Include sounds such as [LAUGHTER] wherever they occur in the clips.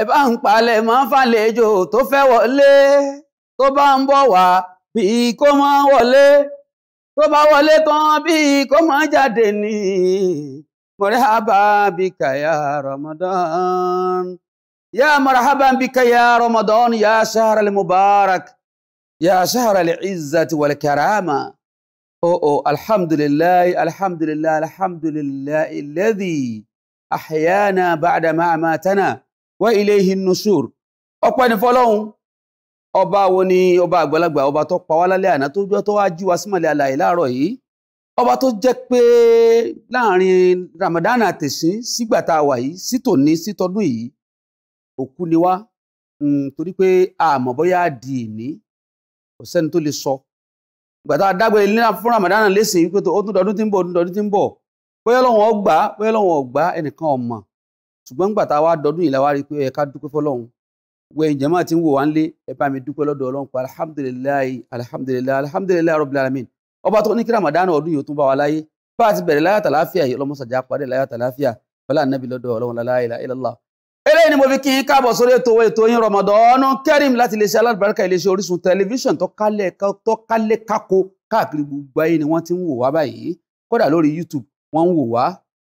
ẹ bá ń palẹ̀ máa fàlejò tó fẹ́ wọlé tó bá ń bọ̀ wá bí kò ma wọlé tó bá wọlé tán bí kò ma jáde ní mọ̀rẹ́hábà bíkà ya Ramadan ya mọ̀rẹ́hábà bíkà ya Ramadan ya shahr al-mubarak ya shahr al-izzati wal-karama oh oh alhamdulillah alhamdulillah alhamdulillah alladhi ahyana ba'da ma amatana. wa ile nushur ọpẹ́ ní fọ́lọ́hun ọba wo ni ọba àgbàlagbà ọba tó pa wá lálẹ́ àná tó jọ tó wá jí wa símọ̀lẹ́ yìí ọba tó jẹ pé láàrin Ramadan àtẹ̀sín sígbà tá a wà yìí sí tòní sí tọdún yìí òkú sọ ìgbà tá a dágbére fún Ramadan lẹ́sìn wípé ó tún dọdún tí ń bọ̀ ó tún dọdún tí ń bóyá lọ́wọ́n ṣùgbọ́n nígbà tá a wá dọdún yìí la wá rí i pé ẹ ká dúpẹ́ fọlọ́run wẹ ǹjẹ́ máa ti ń wò wá nílé ẹ bá mi dúpẹ́ lọ́dọ̀ ọlọ́run pa alihamudulilayi alihamudulilayi alihamudulilayi rabbil alamin ọba tó ní kí ramadan ọdún yìí ó tún bá wa láyé bá a ti bẹ̀rẹ̀ láyàtà láàfíà yìí ọlọ́mọsàjà parí láyàtà láàfíà bọ́lá ànábì lọ́dọ̀ ọlọ́run la ilaha illallah. ni mo fi kí n káàbọ̀ sórí ètò ètò yín Ramadan Kareem láti iléeṣẹ́ alábàárìkà iléeṣẹ́ Orísun tẹlifíṣàn ni wọ́n ti ń wò lórí YouTube wọ́n ń wò wá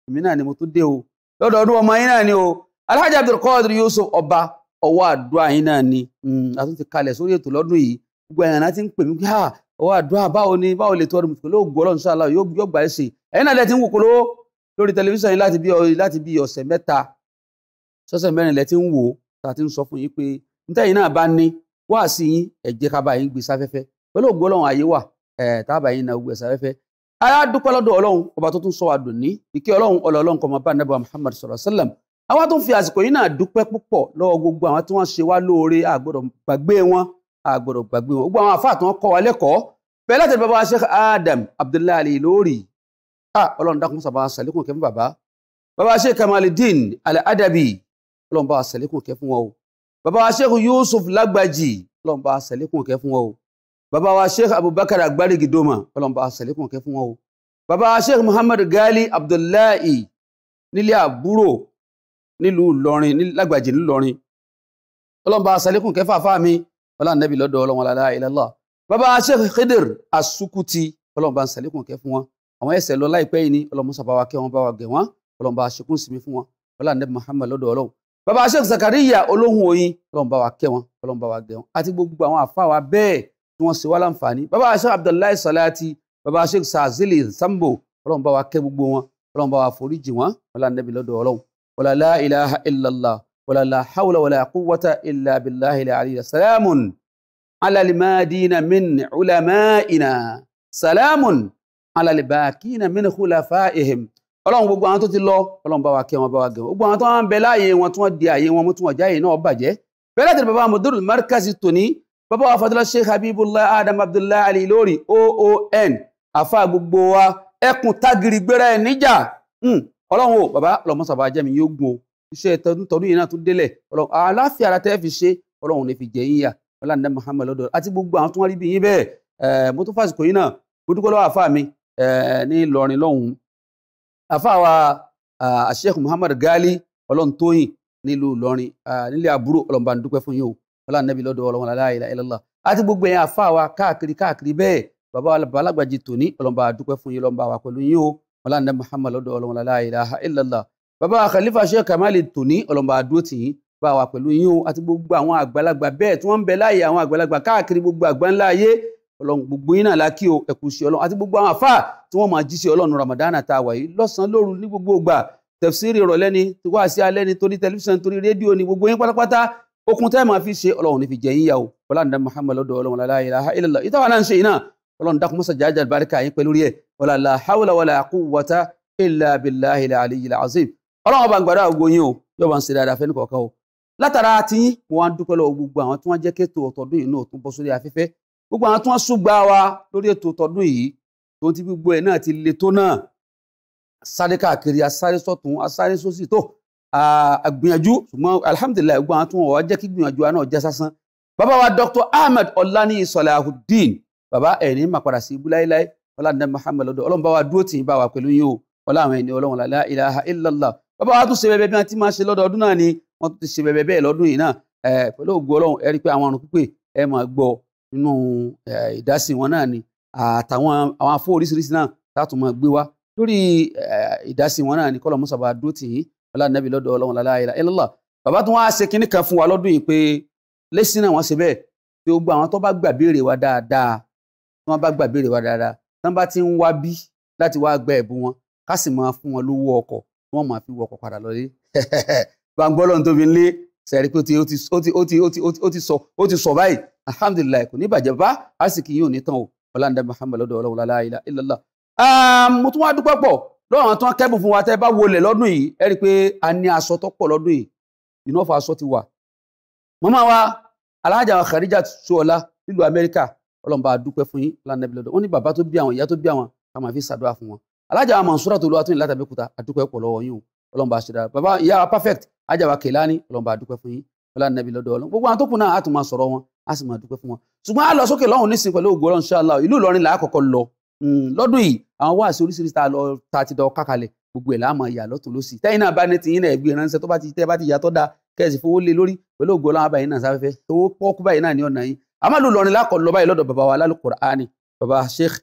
èmi náà ni mo tún dé o lọ́dọọdún ọmọ yín náà ni o alhaji abdulkadir yusuf ọba ọwọ́ àdúrà yín náà ni hmm, a tún ti kalẹ̀ sórí ètò lọ́dún yìí gbogbo ẹ̀yàn náà ti ń pè mí pé ọwọ́ àdúrà báwo ni báwo lè tọrọ mùsùlùmí olóògùn ọlọ́run sáà láwọn yóò gbà ẹ́ sí ẹ̀yin náà lẹ́tí ń wò kólówó lórí tẹlifíṣàn láti bí ọ̀sẹ̀ mẹ́ta sọ́sẹ̀ mẹ́rin lẹ́tí ń wò tá a ti ń sọ fún yín ara dúpẹ́ lọ́dọ̀ ọlọ́run ọba tó tún sọ wa dùn ní ìkẹ́ ọlọ́run ọlọ́ ọlọ́run kọ́ máa bá nàbà muhammad sallallahu alaihi wasallam àwa tó ń fi àsìkò yìí náà dúpẹ́ púpọ̀ lọ́wọ́ gbogbo àwọn tí wọ́n ṣe wá lóore a gbọ́dọ̀ gbàgbé wọn a gbọ́dọ̀ gbàgbé wọn gbogbo àwọn àfáà tí wọ́n kọ́ wa lẹ́kọ̀ọ́ bẹ́ẹ̀ láti bàbá sheikh adam abdullahi al-ilori ọlọ́run dákun sábà sàlékún kẹ́ bàbá wa sheikh abubakar agbárígi doma ọlọ́mọba àṣàlékún kẹ́ fún wọn o bàbá wa sheikh muhammad gali abdullahi nílé àbúrò nílùú ìlọrin lágbàjì ńlọrin ọlọ́mọba àṣàlékún kẹ́ fàáfà mi ọlọ́nàbí lọ́dọ̀ ọlọ́wọ́n lálá ilallah bàbá wa sheikh khidir asukuti ọlọ́mọba àṣàlékún kẹ́ fún wọn àwọn ẹsẹ̀ lọ láìpẹ́ yìí ni ọlọ́mọsàbáwa kẹ́ wọn bá wa gẹ̀ wọ́n ọlọ́mọba àṣekún sinmi fún wọn ọlọ́nàbí muhammad lọ́dọ̀ ọlọ́wọ́ bàbá wa sheikh zakariya olóhùn oyin ọlọ́mọba wa kẹ́ wọn ọlọ́mọba wa gẹ̀ wọn àti gbogbo àwọn àfáà wa bẹ́ẹ̀ tí wọ́n ṣe wá láǹfààní bàbá aṣọ abdullahi salati bàbá aṣọ sazili sambo ọlọ́run bá wa kẹ́ gbogbo wọn ọlọ́run bá wa foríjì wọn ọlá nẹ́bí lọ́dọ̀ ọlọ́run wala la ilaha illallah wala la hawla wala quwwata illa billahi aliyyi salamun ala limadina min ulamaina salamun ala libakina min khulafaihim ọlọ́run gbogbo àwọn tó ti lọ ọlọ́run bá wa kẹ́ wọn bá wa gẹ̀ wọn gbogbo àwọn tó wọn bẹ láàyè wọn tí wọ́n di àyè wọn mú tí wọ́n jáyè náà bàjẹ́ bẹ́ẹ̀ láti bàbá mudurul markazi tòní bàbá wa fadúlá sheikh habibullah adam abdullahi ali lórí oon àfa gbogbo wa ẹkùn tágìrì gbéra ẹ níjà hmm, ọlọ́run o bàbá lọ́mọ́sàbà jẹ́mi yóò gun o iṣẹ́ tọdún yìí náà tún délẹ̀ ọlọ́run àláfíà ara tẹ́ fi ṣe ọlọ́run ní fi jẹ yín yà ọlọ́run muhammed lọ́dọ̀ àti gbogbo àwọn tó wọ́n rí bí yín bẹ́ẹ̀ eh, mo tún fàṣìkò yín náà mo dúpẹ́ lọ́wọ́ àfa mi eh, ní Ìlọrin lọ́hùn-ún àfa wa ah, sheikh muhammed gali ọlọ́run tóyìn nílùú Ìlọrin ah, nílé àbúrò ọlọ́run bá ń dúpẹ́ fún yín o ọlá nàbí lọ́dọ̀ ọlọ́wọ́n la ilaha illallah àti gbogbo yẹn àfa wa káàkiri káàkiri bẹ́ẹ̀ bàbá balagbaji tòní ọlọ́mọba àdúpẹ́ fún yín ọlọ́mọba wa pẹ̀lú yín o ọlá nàbí Muhammad lọ́dọ̀ ọlọ́wọ́n la ilaha illallah bàbá Khalifa Sheikh Kamali tòní ọlọ́mọba àdúró tì yín bá wa pẹ̀lú yín o àti gbogbo àwọn àgbàlagbà bẹ́ẹ̀ tí wọ́n ń bẹ láàyè àwọn àgbàlagbà káàkiri gbogbo àgbáńlá ayé ọlọ́run gbogbo yín náà lákì o ẹ̀kú sí ọlọ́run àti gbogbo àwọn àfáà tí wọ́n máa jí sí ọlọ́run ramadana tá a wà yìí lọ́sàn lóru ní gbogbo ìgbà tẹ̀fsíìrì ìrọ̀lẹ́ ni wá sí alẹ́ torí tẹlifíṣàn torí rédíò ni gbogbo yín pátápátá okun tẹ́ máa fi ṣe ọlọ́run ní fi jẹ yíyá o ọlọ́run dá muhammed lọ́dọ̀ ọlọ́run la ilaha illallah ìtawà náà ń ṣe iná ọlọ́run dákun mọ́sá jájà barika yín pẹ̀lú rí ẹ̀ la hawla wala quwwata illa billahi al-aliyyil azim ọlọ́run ọba gbàdá ògo yín o yóò bá ń ṣe dáadáa fẹ́ni kọ̀ọ̀kan o látara ti yín mo wá ń dúpẹ́ lọ́wọ́ gbogbo àwọn tí wọ́n jẹ́ kéètò ọ̀tọ̀dún yìí náà tún bọ́ sórí afẹ́fẹ́ gbogbo àwọn tí wọ́n súgbà wa lórí ètò ọ̀tọ̀dún yìí tó ti gbogbo ẹ̀ náà ti le tó náà sáré káàkiri asáré sọ́tún asáré sósì tó àgbìyànjú ṣùgbọ́n alhamdulilayi gbọ́n àtúnwò wa jẹ́ kí gbìyànjú wa náà jẹ́ sásán bàbá wa dr ahmed ọláníyì sọláhùdín bàbá ẹni máa padà sí ibú láéláé ọlànà muhammed lọ́dọ̀ ọlọ́run bá wa dúró tì í bá wa pẹ̀lú yín o ọlá àwọn ẹni ọlọ́run làlá ilaha illallah bàbá wa tún ṣe bẹbẹ bí wọn ti máa ṣe lọ́dọ̀ náà ni wọn tún ti ṣe bẹbẹ bẹ́ẹ̀ lọ́dún yìí náà pẹ̀lú ògùn ọlọ́run ẹ rí i pé àwọn àrùn pípé ẹ máa gbọ́ nínú ìdásí wọn náà ni àtàwọn àwọn afọ oríṣiríṣi náà látùmọ̀ gbé wa lórí ìdásí wọn náà ni kọ́lọ̀ mọ́sàbà dúró tì ọlànàbí lọ́dọ̀ ọlọ́run la ilaha illallah bàbá tó wọ́n á ṣe kinní kan fún wa lọ́dún yìí pé lẹ́sìn náà wọ́n ṣe bẹ́ẹ̀ pé gbogbo àwọn tó bá gbà béèrè wa dáadáa tó wọ́n bá gbà béèrè wa dáadáa tó bá ti ń wá bí láti wá gba ẹ̀bùn wọn ká sì máa fún wọn lówó ọkọ̀ wọ́n máa fi wọkọ̀ padà lọ lé [LAUGHS] gbàngbọ́ lọ́n tóbi ń lé pé ó ti sọ báyìí alhamdulilayi kò ní bàjẹ́ bá àsìkò yìí ò ní tán o ọlànàbí Muhammad lọ́dọ̀ ọlọ́run la ilaha illallah mo tún wá dúpẹ́ lọ́wọ́ tán kẹ́bùn fún wa tẹ́ bá wọlé lọ́dún yìí ẹ rí i pé a ní aṣọ tó pọ̀ lọ́dún yìí iná fa aṣọ ti wà. màmá wa alájà Khadija Ṣóọlá nílùú Amẹ́ríkà ọlọ́mọba dúpẹ́ fún yín lánàá bílọ̀dọ̀ ó ní bàbá tó bí àwọn ìyá tó bí àwọn ká máa fi ṣàdúrà fún wọn. alájà Mansura tó lu atúnyìn láti Abẹ́òkúta àdúpẹ́ pọ̀ lọ́wọ́ yín o ọlọ́mọba ṣẹ̀dá bàbá ìyá perfect ajá wa Kèlání ọlọ́mọba dúpẹ́ fún yín lánàá bílọ̀dọ̀ ọlọ́mọ gbogbo àwọn tó kùn náà á tún máa sọ̀rọ̀ wọn á sì máa dúpẹ́ fún wọn. Hmm, lọ́dún yìí àwọn wáàsí oríṣiríṣi tá a lọ ta ti dọ̀ kákalẹ̀ gbogbo ẹ̀ láàmú ìyá lọ́tún lọ́sì tẹ́yìn náà bá ní tiyín náà ẹgbẹ́ ránṣẹ́ tó bá ti tẹ́ bá ti yà tọ́ da kẹ́sì fowó lé lórí pẹ̀lú ògo ọlọ́run abàyín náà sáfẹ́fẹ́ owó pọ́ọ́kú báyìí náà ní ọ̀nà yín amadu lọrin lákọ̀ lọ báyìí lọ́dọ̀ bàbá wa alálùkùránì bàbá sheikh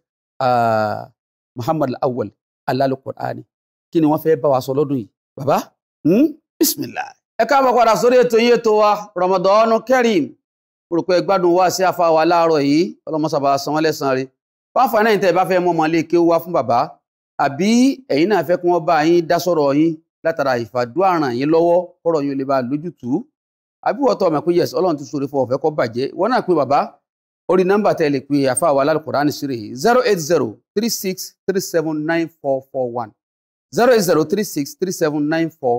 awal alálùkùránì kí ni wọ́n fẹ́ bá wa sọ lọ́dún yìí bàbá hmm? bismillah. ẹ káàbọ̀ padà Kareem mo rò pé gbádùn wá fáfà náà tẹ́ ẹ bá fẹ́ mọ́ ọmọ léèké wá fún bàbá àbí ẹ̀yin náà fẹ́ kí wọ́n bá yín dá sọ̀rọ̀ yín látara ìfàdúrà ràn yín lọ́wọ́ kọ́rọ̀ yín ò lè bá lójútùú àbí wọ́n tọ́ ọmọ pé yẹs ọlọ́run ti sọ̀rọ̀ fún ọ̀fẹ́ kọ́ bàjẹ́ wọ́n náà pé bàbá orí nọ́mbà tẹ́ lè pe àfa wa lálùkùránì sírè zero eight zero three six three seven nine four four one zero eight zero three six three seven nine four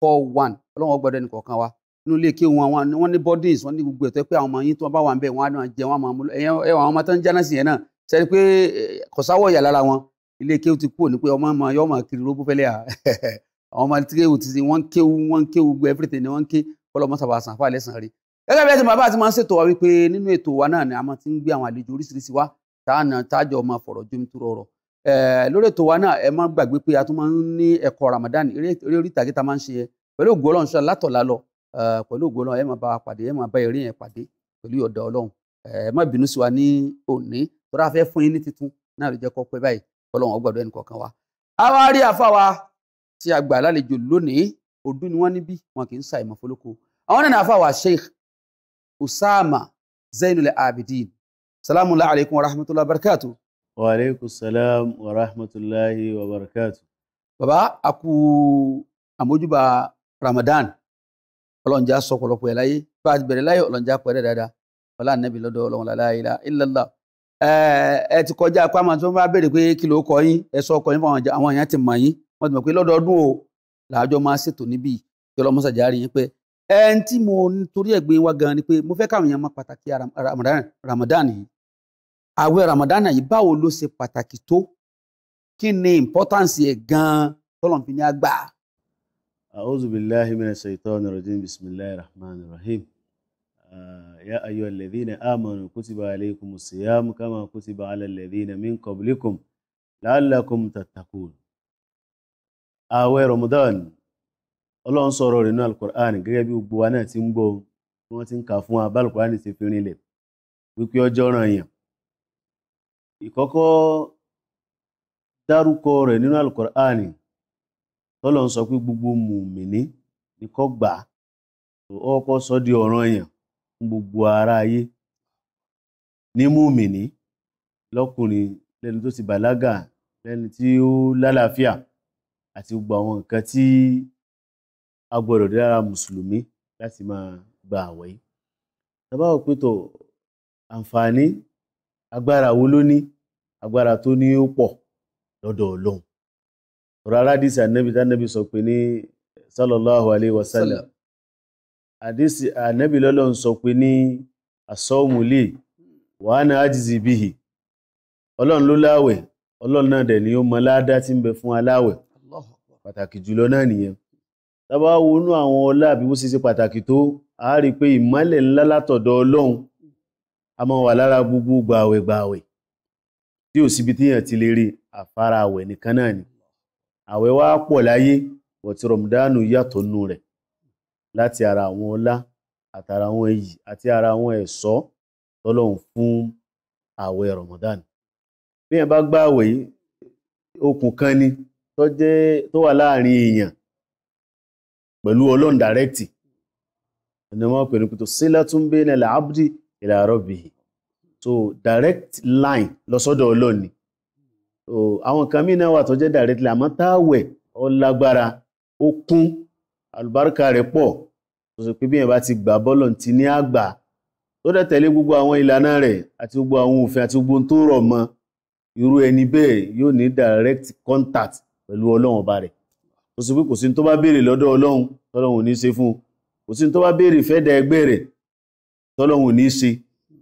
four one ọlọ́run ọgbọ́dọ̀ ẹnì kọ̀ọ̀kan wa inú ilé kí wọn wọn ní bodies wọn ní gbogbo ètò pé àwọn ọmọ yín tí wọn bá wà ń bẹ wọn á jẹ wọn àmọ́ ọmọ tó ń jáná sí yẹn náà sẹ́ni pé eh, kọ̀sáwọ̀ ìyà lára wọn ilé kéwù ti kúrò ní pé ọmọ ọmọ yọmọ kiri ló bó fẹ́lẹ́ à àwọn [LAUGHS] ọmọ kéwù ti sin wọ́n kéwù wọ́n kéwù gbé everything ni wọ́n ké kọ́lọ́mọ sábà sàn fún àlẹ́sàn rí gẹ́gẹ́ bí ẹ ti bàbá àti máa ń ṣètò wa wípé nínú ètò wa náà ni a máa ti ń gbé àwọn àlejò oríṣiríṣi wá táànà tájọ máa fọ̀rọ̀ jómi tó rọrọ̀ eh, lórí ètò wa náà ẹ má gbàgbé pé a tún máa ń ní ẹ̀kọ́ Ramadan eré orí ìtàgé ta máa ń ṣe yẹ pẹ̀lú ògo Ọlọ́run tọ́ra fẹ́ fún yín ní titun náà ló jẹ́ kọ́ pé báyìí ọlọ́run ọgbàdo ẹnì kọ̀ọ̀kan wa. a wá rí àfáwa tí a gbà lálejò lónìí ọdún ni wọ́n níbí wọn kì í sa ìmọ̀ fọlọ́kọ. àwọn náà ní àfáwa sheikh usama zainul abidin salamu alaykum wa rahmatulahi wa barakatu. wa aleykum salam wa rahmatulahi wa barakatu. baba a kú àmójúbà ramadan ọlọ́njà sọ ọ̀pọ̀lọpọ̀ ẹ̀ láyé bá a bẹ̀rẹ̀ láyé ọlọ́njà pẹ̀rẹ̀ dáadáa ọlá nàbì lọ́dọ̀ ọlọ́run làlá ilà ilàlá ẹ ti kọjá apá àmọ́ tí bá béèrè pé kí ló kọ yín ẹ sọ ọkọ yín fún àwọn èèyàn ti mọ̀ yín wọ́n ti mọ̀ pé lọ́dọọdún o máa ṣètò níbí yín pé ẹ ń tí mo torí ẹ̀ wa gan ni pé mo fẹ́ káwọn Ramadan yìí Ramadan yìí báwo ló ṣe pàtàkì tó importance gan rahim. يا أيها الذين آمنوا كتب عليكم الصيام كما كتب على الذين من قبلكم لعلكم تتقون ààwẹ̀ Ramadan Ọlọ́run sọ̀rọ̀ rẹ̀ nínú alukur'an gẹ́gẹ́ bí gbogbo wa náà ti ń gbọ́ bí wọ́n ti ń kà fún wa bálukur'an ti fi rinlẹ̀ wípé ọjọ́ ràn yàn ìkọ́kọ́ dárúkọ rẹ̀ nínú alukur'an gbogbo mùmìnì ni kó gbà á ọkọ̀ sọ di ọ̀ràn yàn fún gbogbo ará ayé ní mùmìnì lọ́kùnrin lẹ́ni tó ti bàlágà lẹ́ni tí ó lálàáfíà àti gbogbo àwọn nǹkan tí a gbọ́dọ̀ dé lára mùsùlùmí láti máa gba àwẹ̀ yìí tàbá wò pé tó àǹfààní agbára wo ló ní agbára tó ní ó pọ̀ lọ́dọ̀ Ọlọ́run ọ̀rọ̀ aládìsí ànábì sọ pé ní sallallahu alayhi wa sallam àdísì ànábì lọ́lọ́run sọ pé ní àsọ́ọ̀mùlé wàhánà ájìzì bíhì ọlọ́run ló láwẹ̀ ọlọ́run náà dẹ̀ ni ó mọ ládá tí ń bẹ fún aláwẹ̀ pàtàkì jùlọ náà nìyẹn tábà wọnú àwọn ọlá àbí bó ṣe ṣe pàtàkì tó a rí i pé ìmọ́lẹ̀ ńlá látọ̀dọ̀ ọlọ́run a máa wà lára gbogbo gbààwẹ̀ gbààwẹ̀ tí ò síbi téèyàn ti lè rí àfara nìkan náà ni àwẹ̀ wá pọ̀ láyé bọ̀tí rọ̀mùdánù yàtọ̀ nù rẹ̀ láti ara àwọn ọlá àtara àwọn èyí àti ara àwọn ẹ̀ṣọ́ tọ́lọ́hun fún ààwẹ̀ Ramadan bí èèyàn bá gbá ààwẹ̀ yìí okùn kan ni tó jẹ́ tó wà láàrin èèyàn pẹ̀lú Ọlọ́run dàrẹ́tì ẹni wọ́n pè ní pẹ̀tọ́ sílátún baina al-abdi ila rabbihi so direct line lọ́sọ́dọ̀ Ọlọ́run ni àwọn kan mí náà wà tó jẹ́ direct line àmọ́ táwẹ̀ ó ó kún àlùbáríkà rẹ̀ pọ̀ tó sì pé bí yẹn bá ti gbà bọ́lọ̀ ti ní àgbà tó dẹ̀ tẹ̀lé gbogbo àwọn ìlànà rẹ̀ àti gbogbo àwọn òfin àti gbogbo ohun tó rọ̀ mọ́ irú ẹni bẹ́ẹ̀ yóò ní direct contact pẹ̀lú ọlọ́run ọba rẹ̀ tó sì pé kò sí ní tó bá béèrè lọ́dọ̀ ọlọ́run tọ́lọ́run ò ní ṣe fún un kò sí ní tó bá béèrè fẹ́dà ẹgbẹ́ rẹ̀ tọ́lọ́run ò ní ṣe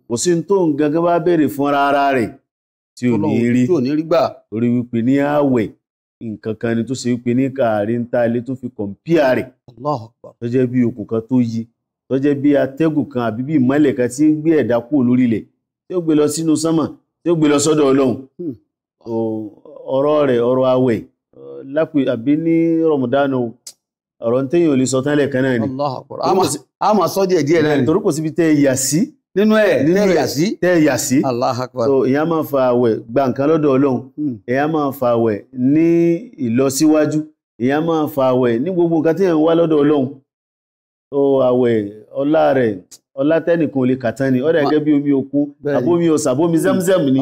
kò sí ní tó ń gangan bá béèrè fún ara rẹ̀ tí ò ní rí torí wípé ní ààwẹ̀ nǹkan kan ni tó ṣe pé ní káàrí ń ta ilé tó fi kọ̀ǹpíà rẹ̀ tó jẹ́ bí okùn kan tó yí tó jẹ́ bí atẹ́gùn kan àbí bí ìmọ̀lẹ̀ kan tí ń gbé ẹ̀dá kúrò lórí ilẹ̀ tí ó gbé lọ sínú sánmà tí ó gbé lọ sọ́dọ̀ ọlọ́run hmm. ọ̀rọ̀ rẹ̀ ọ̀rọ̀ àwẹ̀ lápè àbí ní rọ̀mùdánù ọ̀rọ̀ ntẹ́yìn ò lè sọ tán lẹ́ẹ̀kan náà ni. a máa sọ díẹ̀ díẹ̀ náà ni. torí kò síbi tẹ́ ẹ yà sí nínú ẹ tẹ yà sí tẹ yà sí Allahu Akbar so èèyàn máa fa àwẹ̀ gba nǹkan lọ́dọ̀ Ọlọ́run èèyàn hmm. máa fa àwẹ̀ ní ìlọsíwájú èèyàn máa fa àwẹ̀ ní gbogbo nǹkan tí èèyàn ń wá lọ́dọ̀ Ọlọ́run so àwẹ̀ ọlá rẹ̀ ọlá tẹnìkan ò lè kà tán ni ọdẹ gẹ́gẹ́ bí omi òkun àbomi ọsà àbomi hmm. zemzem ni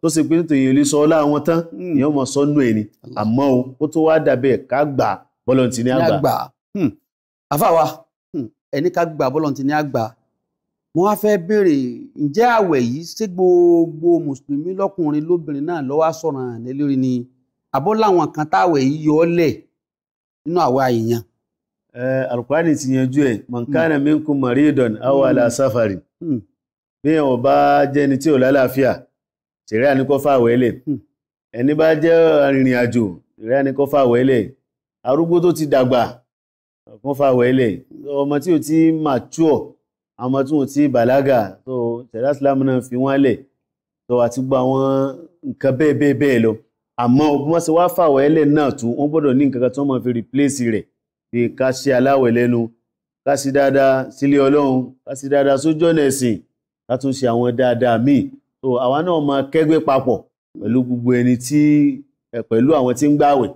tó ṣe pé nítorí èèyàn lè sọ ọlá wọn tán hmm. èèyàn mọ sọ nù ẹ ni àmọ́ o ó tó wá dàbẹ ká gbà bọlọntì ní àgbà. àfàwa ẹni ká gbà bọlọntì ní àgbà mo wá fẹ́ béèrè ǹjẹ́ àwẹ̀ yìí ṣé gbogbo mùsùlùmí lọ́kùnrin lóbìnrin náà ló wá sọ̀rọ̀ àlẹ́ lórí ni àbó làwọn kan táwẹ̀ yìí yọ ọ́ lẹ̀ nínú àwa èèyàn. ẹ alukwani ti yanjú ẹ mankana minkum maridon awa ala hmm. safari hmm. bí ẹ ò bá jẹ ẹni tí ò lálàáfíà tẹ̀rẹ́ àníkọ́ fàwẹ́ lẹ̀ hmm. ẹni bá jẹ́ arìnrìn àjò tẹ̀rẹ́ àníkọ́ fàwẹ́ lẹ̀ arúgbó tó ti dàgbà kó fàwẹ́ lẹ̀ ọmọ tí ò ti mature àwọn tí wọn ti bàlágà tó ṣẹ̀dá sílámù náà fi wọ́n lẹ̀ tó àti gbọ́ àwọn nǹkan bẹ́ẹ̀ bẹ́ẹ̀ bẹ́ẹ̀ lọ àmọ́ bí wọ́n ṣe wá fàwọ̀ ẹlẹ̀ náà tún wọ́n gbọ́dọ̀ ní nǹkan kan tí wọ́n máa fi replace rẹ̀ bí ká ṣe aláwẹ̀ lẹ́nu ká sí dáadáa sílé ọlọ́run ká sí dáadáa sójú ọ̀nà ẹ̀sìn ká tún ṣe àwọn dáadáa míì tó àwa náà máa kẹ́gbẹ́ papọ̀ pẹ̀lú gbogbo ẹni tí pẹ̀lú àwọn tí ń gbàwẹ̀.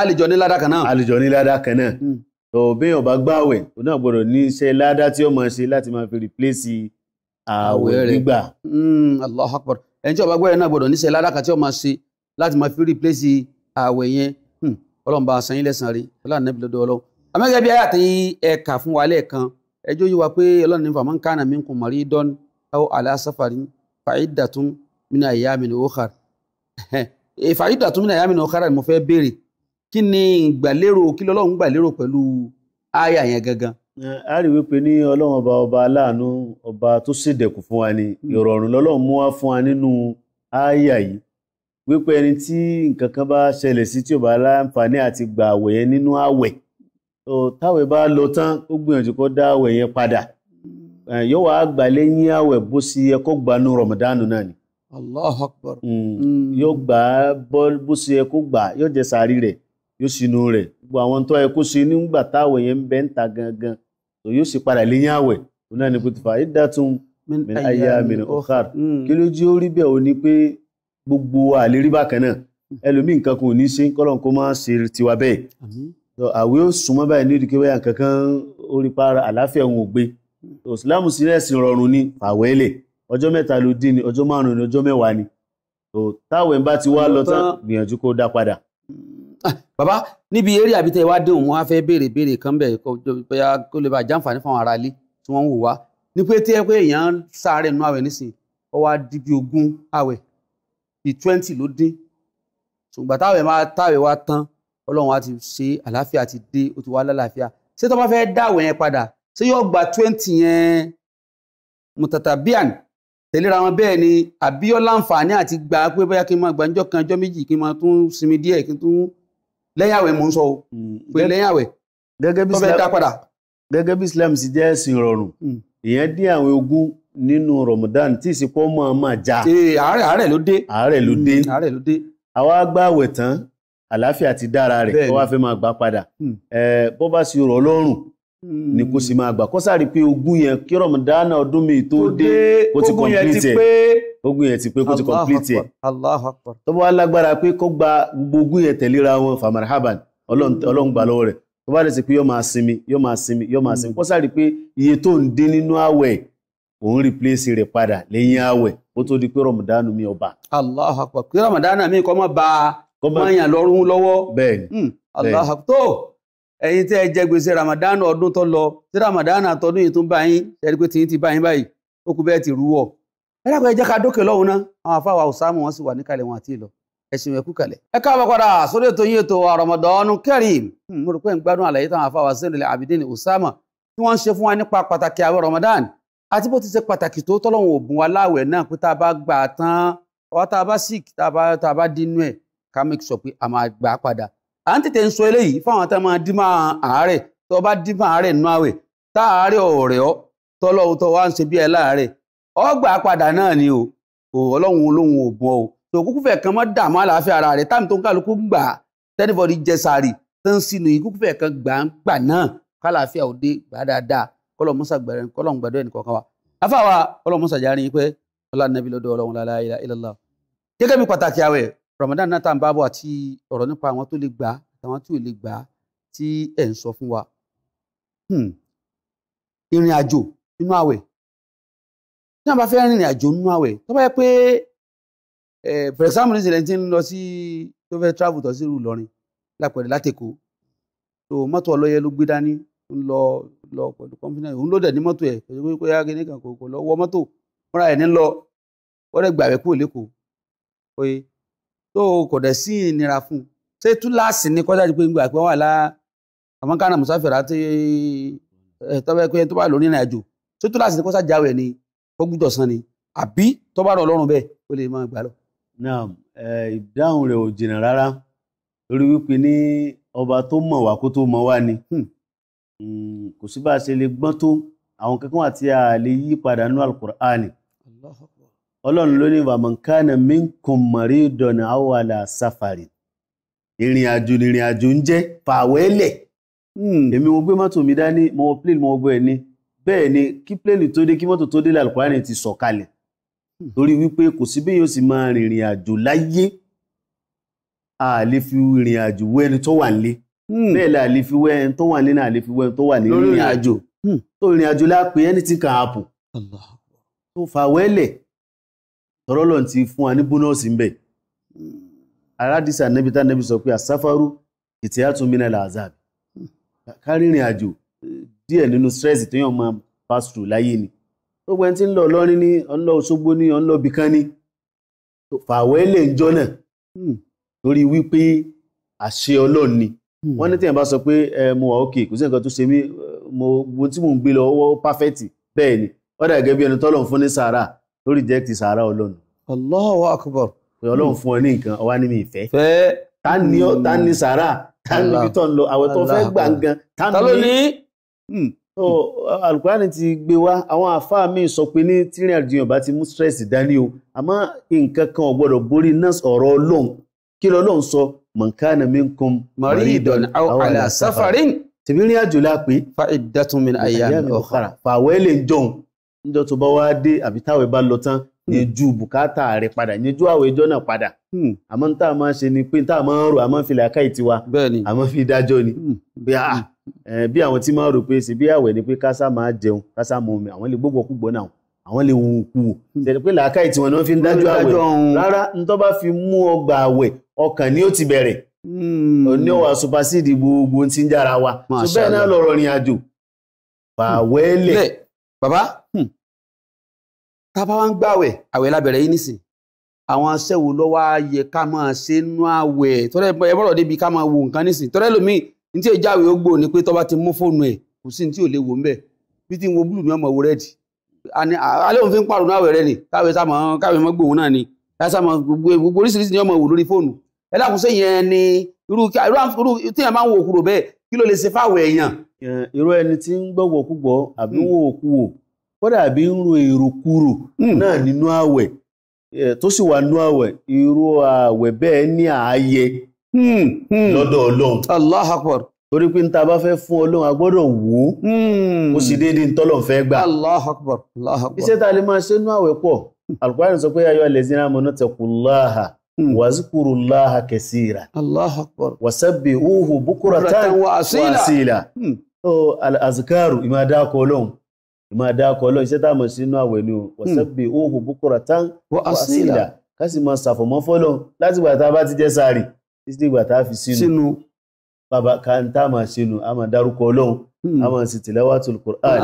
àlejò ní ládàá náà. àlejò ní ládàá náà hmm tó béèyàn bá gbààwẹ̀ tó náà gbọ́dọ̀ ní iṣẹ́ ládá tí ó máa ṣe láti máa fi replace ààwẹ̀ gbígbà. Hmm, Allahu Akbar ẹni tí ó bá gbààwẹ̀ náà gbọ́dọ̀ níṣẹ́ ládá kan tí ó máa ṣe láti máa fi replace ààwẹ̀ yẹn hmm, ọlọ́run bá san yín lẹ́san rí ọlọ́run nẹ́bí lọ́dọ̀ ọlọ́run. amẹ́gẹ́ bí ayé àti ẹ̀ka fún wa lẹ́ẹ̀kan ẹjọ́ yìí wá pé ọlọ́run ní faman kana minkum maridan aw ala safarin fa'idatun min ayyamin ukhar fa'idatun min ayyamin ukhar ni mo fẹ́ béèrè kí ni ìgbàlérò kí lọ́lọ́run gbàlérò pẹ̀lú àyà yẹn gangan. Eh, a rí wípé ní ọlọ́run ọba ọba aláàánú ọba tó ṣèdẹ̀kùn fún wa ni hmm. ìrọ̀rùn lọ́lọ́run mú wá fún wa nínú àyà yìí wípé ẹni tí nǹkan kan bá ṣẹlẹ̀ sí tí ò bá láǹfààní àti gba àwẹ̀ yẹn nínú àwẹ̀ tó táwẹ̀ bá lọ tán ó gbìyànjú kó dá àwẹ̀ yẹn padà hmm. eh, yóò wá gbà lẹ́yìn àwẹ̀ bó ṣe yẹ kó gbà nú náà ni. Allahu Akbar. Hmm. yóò gbà bó ṣe yẹ kó gbà yóò jẹ sàárì rẹ̀ yóò sínú rẹ̀ gbogbo àwọn tó yẹ kó ṣe nígbà táwẹ̀ yẹn ń bẹ ń ta gangan tó yóò sì padà lẹ́yìn àwẹ̀ tó náà ní pé tìfà iddatun min ayyamin ukhar hmm. kí ló jí ó rí bẹ́ẹ̀ o ní pé gbogbo àlérí bákan náà ẹlòmíì nǹkan kò ní ṣe kọ́lọ́n kó má ṣe tiwa bẹ́ẹ̀ àwẹ̀ ó súnmọ́ báyìí ní ìdíkẹ́ báyà kankan ó àláfíà òun ò gbé ìsìlámù sí ẹ̀sìn rọrùn ni fàwẹ́lẹ̀ ọjọ́ mẹ́ta ló dín ni ọjọ́ márùn-ún ni ọjọ́ mẹ́wàá ni táwẹ̀ ń bá ti wá lọ tán gbìyànjú kó dá padà bàbá níbi eré àbí tẹ́ wá dé òun wá fẹ́ béèrè béèrè kan bẹ́ẹ̀ bóyá kó lè bá jàǹfààní fáwọn ará ilé tí wọ́n ń wò wá ní pé tí ẹ pé èèyàn sáré nínú àwẹ̀ nísìn ó wá di bí ogún àwẹ̀ bíi twenty ló dín ṣùgbọ́n táwẹ̀ máa táwẹ̀ wá tán ọlọ́run wa ti ṣe àlàáfíà ti dé ó ti wá lálàáfíà ṣé tó bá fẹ́ dáwẹ̀ yẹn padà ṣé yóò gba twenty yẹn mutatabian tẹ̀léra wọn bẹ́ẹ̀ ni àbí ó láǹfààní àti gbà pé bóyá kí n máa gbà ńjọ́ kan ọjọ́ méjì kí n máa tún sinmi díẹ̀ kí n tún lẹ́yìn àwẹ̀ mò ń sọ o hmm. pé lẹ́yìn tó fẹ́ dá padà. gẹ́gẹ́ bí Islam sì jẹ́ ẹ̀sìn rọrùn hmm. ìyẹn dín àwẹ̀ ogún nínú Ramadan tí ìsìnkú ọmọ ọmọ àjà. àárẹ̀ àárẹ̀ ló dé. àárẹ̀ ló dé. Hmm, àárẹ̀ ló dé. àwa gbà àwẹ̀ tán àlàáfíà ti dára rẹ̀ kó wá fẹ́ máa gbà padà. Eh, bó bá sì rọ̀ lọ́rùn ni kò sì máa gbà kó sáré pé ogún yẹn kí rọmọdánà ọdún mi tó dé kó ti complete ẹ ogún yẹn ti pé kó ti complete ẹ tó bá lágbára pé kó gba gbogbo ogún yẹn tẹ̀léra wọn famarhaban ọlọ́run gbà lọ́wọ́ rẹ̀ tó bá dẹ̀ sí pé yóò máa sinmi yóò máa sinmi yóò máa sinmi kó sáré pé iye tó ń dín nínú àwẹ̀ òun replace rẹ̀ padà lẹ́yìn àwẹ̀ ó tó di pé rọmọdánà mi ọba. Allahu Akbar kí rọmọdánà mi kọ́ mọ́ ba mọ́yàn lọ́rùn lọ́wọ́ bẹ́ẹ̀ ni hmm, ẹ̀yin tẹ́ ẹ jẹ gbèsè Ramadan ọdún tó lọ tí Ramadan àtọdún yìí tún bá yín ṣẹ́ni pé tìyín ti bá yín báyìí ó kú bẹ́ẹ̀ ti rú wọ̀ ẹ dàgbà ẹ jẹ́ ká dókè lọ́hùn ná àwọn afáwà ọ̀sàmù wọn sì wà níkàlẹ̀ wọn àti ìlọ ẹ̀sìn ẹ̀kú kalẹ̀. ẹ káàbọ̀ padà sórí ètò yín ètò Ramadan Kareem hmm, mo rò pé ń gbádùn àlàyé táwọn afáwà Zainul Abidin Usama tí wọ́n ń ṣe fún wa nípa pàtàkì Ramadan àti bó ti ṣe pàtàkì tó tọ́lọ́wọ̀n òbùn wa láwẹ̀ náà pé tá a bá gbà a bá sick ká make sure pé a máa gbà á padà à ń tètè ń sọ eléyìí fáwọn tá a máa dí máa àárẹ̀ tó bá dí máa àárẹ̀ nínú àwẹ̀ tá àárẹ̀ ọ̀rẹ́ ọ tọ́lọ́hún tó wá ń ṣe bí ẹ láàárẹ̀ ọgbà padà náà ni o ọlọ́run olóhun ò bọ́ o tó kúkú fẹ̀ kan mọ́ dààmú àlàáfíà ara rẹ̀ táàmì tó ń kálukú gbà tẹ́nifọ̀dì jẹ tó ń sinú yìí kúkú fẹ̀ kan gbà ń gbà náà kálàáfíà òde gbà dáadáa kọ́lọ̀ mọ́sà gbẹ̀rẹ̀ kọ́lọ̀ ń gbàdọ́ ẹnì wa afáwa kọ́lọ̀ mọ́sà járin pé ọlá nàbí lọ́dọ̀ ọlọ́run lálá ilà ilà gẹ́gẹ́ bí pàtàkì Ramadan náà tá à ń bá bọ̀ àti ọ̀rọ̀ nípa àwọn tó lè gbà á àtàwọn tí ò lè gbà tí ẹ̀ ń sọ fún wa. Hmm. ìrìn àjò nínú àwẹ̀ tí wọ́n bá fẹ́ rìnrìn àjò nínú àwẹ̀ tó bá yẹ pé for example ní ìṣẹ̀lẹ̀ tí ń lọ sí tó fẹ́ travel tó sí ìlú Ìlọrin lápẹ̀rẹ̀ látẹ̀kọ́ tó mọ́tò ọlọ́yẹ ló gbé dání ń lọ lọ pẹ̀lú confidence òun ló dẹ̀ ní mọ́tò ẹ̀ pẹ̀lú pé kóyá kí nìkan kò lọ wọ mọ́tò fúnra ẹ̀ ní lọ wọ́n dẹ̀ gbàwẹ̀ kúrò lẹ́kọ̀ọ́ tó kò dẹ̀ sí ìnira fún un ṣé túláàsì ni kọjá di pé ngbà pé wọ́n wà lá àwọn kánà musafira tí tọ́bẹ̀ pé tó bá lò nínú àjò ṣé túláàsì ni kọjá jáwé ni kó gbúdọ̀ san ni àbí tó bá rọ̀ lọ́rùn bẹ́ẹ̀ ó lè máa gbà lọ. naam ìdáhùn rẹ̀ ò jìnnà rárá lórí wípé ní ọba tó mọ̀ wá kó tó mọ̀ wá ni hmm. Hmm, kò sí bá a ṣe lè gbọ́n tó àwọn kankan àti àlè yí padà nínú alukur'ani ọlọ́run ló ní wàmọ̀nkánà minkum maridun aw ala safari ìrìn àjò ìrìn àjò ń jẹ́ fàwẹ́lẹ̀ hmm, èmi mo gbé mọ́tò mi dání mo wọ plane mo wọ bẹ́ẹ̀ ni bẹ́ẹ̀ ni kí plane tó dé kí mọ́tò tó dé làlùkùránì ti sọ̀kalẹ̀ hmm. torí wípé kò sí bí yóò sì máa rìnrìn àjò láyé a lè fi rìnrìn àjò wẹ́ ẹni tó wà nílé hmm. bẹ́ẹ̀ la lè fi wẹ́ ẹni tó wà nílé náà lè fi wẹ́ ẹni tó wà nílé rìnrìn àjò tó rìnrìn àjò lápè anything can happen tó fàwẹ́lẹ̀ tọ́lọ́lọ́ ti fún wa ní bónọ́ọ̀sì ń bẹ̀ aládìsá nẹ́bí tá nẹ́bí sọ pé àsáfárú ìtìyàtún mi náà làzáàbì kárìnrìn àjò eh, díẹ̀ nínú stress téèyàn máa pass through láyé ni gbogbo ẹni tí ń lọ lọ́rin ní ọ̀nlọ́ Òṣogbo ní ọ̀nlọ́ bìkan ní fàwẹ́lẹ̀ ń jọ́nà hmm. torí wípé àṣẹ Ọlọ́run ni hmm. wọ́n ní tẹ̀yìn bá sọ pé ẹ mo wà ókè kò sí nǹkan tó ṣe mí mo tí mò ń gbé lọ ọwọ́ pàfẹ́tì bẹ́ẹ̀ ni ọ̀dà gẹ́gẹ́ bí ẹni tọ́lọ̀ fún ní sàárà tó reject sàárà Ọlọ́run Allahu akbar. Ọlọ́run fún ọ ní nǹkan ọwá ní mi ìfẹ́. fẹ́ ta ni ọ ta ni sàrà ta ni ibi tó ń lọ àwẹ̀ tó fẹ́ gbàngàn ta ni. ta ló ní. Hmm. so alukurani ti gbé wa àwọn àfáà mi sọ pé ní tírín àdìyàn bá ti mú stress dání o àmọ́ nǹkan kan ò gbọ́dọ̀ borí náà ọ̀rọ̀ Ọlọ́run kí lọ́lọ́run sọ mọ̀nkánà minkum. maridan aw ala safarin. tèmi rí àjò lápè. fa iddatun min ayyamin ukhra. fàwẹ́ lè jọun níjọ́ tó bá wá dé àbí táwẹ̀ bá lọ tán Hmm. yanjú bùkátà rẹ padà yanjú àwọn ẹjọ́ náà padà hmm. àmọ́ n tá a ṣe ni pé n tá a rò a máa ń fi tiwa a fi dájọ́ ni hmm. bí àwọn tí máa rò pé ṣe bí àwẹ̀ ni pé kásá máa jẹun kásá mọ omi àwọn lè gbogbo ọkùgbọ náà àwọn lè wù kú wò ṣe pé làákàyè tiwọn ni wọ́n fi ń dájọ́ àwẹ̀ rárá n tó bá fi mú ọgbà àwẹ̀ ọkàn ni ó ti bẹ̀rẹ̀ òní ọwà supasíìdì gbogbo ti ń jára wa ṣùgbọ́n náà lọ̀rọ̀ ìrìn àjò fàwẹ́lẹ̀ tá a bá wá ń gbàwẹ̀ àwẹ̀ lábẹ̀rẹ̀ yìí nísìn àwọn aṣẹ́ wo ló wá yẹ ká máa ṣe nú àwẹ̀ tọ́lẹ̀ ẹ bọ̀rọ̀ débi ká máa wo nǹkan nísìn tọ́lẹ̀ lómi ní tí èjì àwẹ̀ ó gbò ní pé tó bá ti mú fóònù ẹ̀ kò sí ní tí ò lè wò ń bẹ̀ bí ti ń wo búlù ní ọmọ wo rẹ́ẹ̀dì alẹ́ òun fi ń pàrọ̀ náà rẹ̀ ni káwé sámọ káwé mọ́ gbòòwò náà ni sámọ gbogbo oríṣiríṣi ni ọmọ wò lórí fóònù ẹ dákun sí yẹn ni irú tíyẹn máa ń wo òkúrò bẹ́ẹ̀ kí ló lè ṣe fáwọ̀ èèyàn. irú ẹni tí ń gbọ́ wòkúgbọ́ àbí wò òkú ó dàbí ń ro èròkúrò hmm. náà nínú ààwẹ̀ tó sì wà nínú ààwẹ̀ irú ààwẹ̀ bẹ́ẹ̀ ní ààyè hmm, hmm. lọ́dọ̀ ọlọ́run. allah akbar. torí pé níta bá fẹ́ fún ọlọ́run a gbọ́dọ̀ wò ó ó sì déédéé ntọ́lọ́run fẹ́ gbà. allah akbar allah akbar. iṣẹ́ tá a lè máa ṣe nínú ààwẹ̀ pọ̀ alukwari sọ pé ayọ̀ alẹ́sìn amọ̀nà tẹ̀kùláhà wàzíkùrùláhà kẹsìrà. allah akbar. wasabihuhu bukuratan wa asila. azikaru ìmọ̀ adáko ọlọ́run ìmọ̀ àdáàkọ ọlọ́run iṣẹ́ táàmù sínú àwẹ̀ ni o wọ̀sẹ́bì òhù búkúrà tán wàásìlà ká sì máa ṣàfọ̀mọ́ fọ́lọ́ láti ìgbà tá a bá ti jẹ́ sààrì títí ìgbà tá a fi sínú bàbá ká ń táàmù sínú a máa dárúkọ ọlọ́run hmm. a máa sì tilawatul Qur'an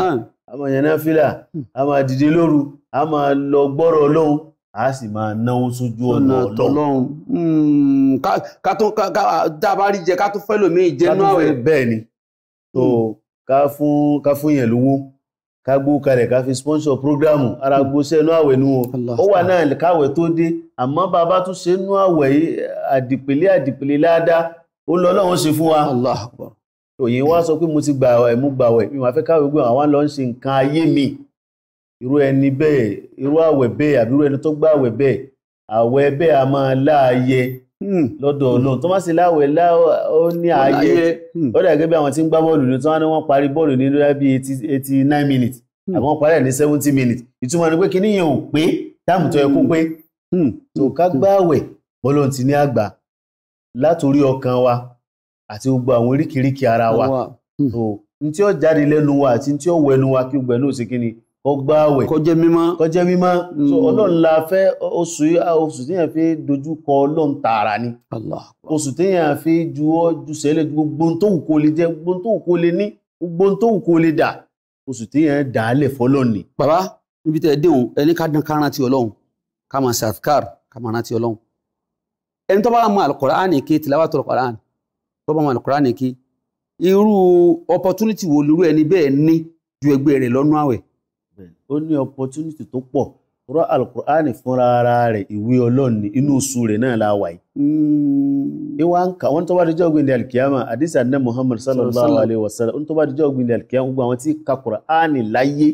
a máa yan náfìlà hmm. a máa dìde lóru a máa lọ gbọ́rọ̀ ọlọ́run a sì máa náwó sójú ọ̀nà ọlọ́run. Hmm. ká tó dábàá jẹ ká tó fẹ́ lómi ìjẹ́nu àwẹ̀. bẹ́ẹ̀ ni ká fún yẹn lówó ká gbó kalẹ̀ ká fi sponsor programu ara hmm. gbóṣẹ́ inú àwẹ̀ nú o ó wà náà káwẹ̀ tó dé àmọ́ bàbá tún ṣe inú àwẹ̀ àdìpèlé àdìpèlé ládàá ó lọ lọ́wọ́ ṣe fún wa Allah òyìn wá sọ pé mo ti gbà ẹ̀ mú gbàwẹ̀ mi wà fẹ́ káwẹ̀ gbé àwọn lọ ń ṣe nǹkan ayé mi irú ẹni bẹ́ẹ̀ irú àwẹ̀ bẹ́ẹ̀ àbí irú ẹni tó gbà àwẹ̀ bẹ́ẹ̀ àwẹ̀ bẹ́ẹ̀ a máa láàyè Hmm. lọ́dọ̀ Ọlọ́run tó má sí láwẹ̀ láwẹ̀ ó ní ààyè hmm. ó dàgẹ́ bí àwọn tí ń gbá bọ́ọ̀lù ní tí wọ́n ní wọ́n parí bọ́ọ̀lù ní lóyá bí eighty nine minutes hmm. àwọn parí ẹ̀ ní seventy minutes ìtumọ̀ ni pé kíní yẹn ò pé táàmù tó yẹ kó pé tó ká gbáwẹ̀ bọ́lọ́run ti ní àgbà látòrí ọkàn wa àti gbogbo àwọn oríkèéríkèé ara wa tó ní tí ó jáde lẹ́nu wa àti ní tí ó wẹnu wa kí gbẹ̀nu òsèkíni kó gba àwẹ̀ kó jẹ́ mímọ́ kó jẹ́ mm. so ọlọ́run la fẹ́ oṣù oṣù tí yẹn fi dojú kọ ọlọ́run tààrà ni oṣù tí yẹn fi ju ọ ju sẹ́lẹ̀ ju gbogbo tó wù kó lè jẹ gbogbo tó wù kó lè ní gbogbo tó wù kó lè dà oṣù tí yẹn dà á lẹ̀ fọlọ́run ni. bàbá níbi tẹ́ ẹ dé ẹni ká dán kárán ti ọlọ́run ká máa ṣe ká máa rántí ọlọ́run ẹni tó bá máa Al-Qur'an ké tìláwà tó Al-Qur'an tó bá máa Al-Qur'an ké irú opportunity wo lóru ẹni bẹ́ẹ̀ ní ju ẹgbẹ́ rẹ̀ lọ́nú àwẹ̀ ó ní opportunity tó pọ̀ rọ alukur'ani fúnra ara rẹ̀ ìwé ọlọ́ọ̀ni inú oṣù rẹ̀ náà la wà yìí. ìwà hmm. ń kà wọ́n tó bá dijọ́ gbìndé alikiyama àdìsí àdìsí muhammad sallallahu alayhi wa sallam wọ́n tó bá dijọ́ gbìndé alikiyama gbogbo àwọn tí ka kur'ani láyé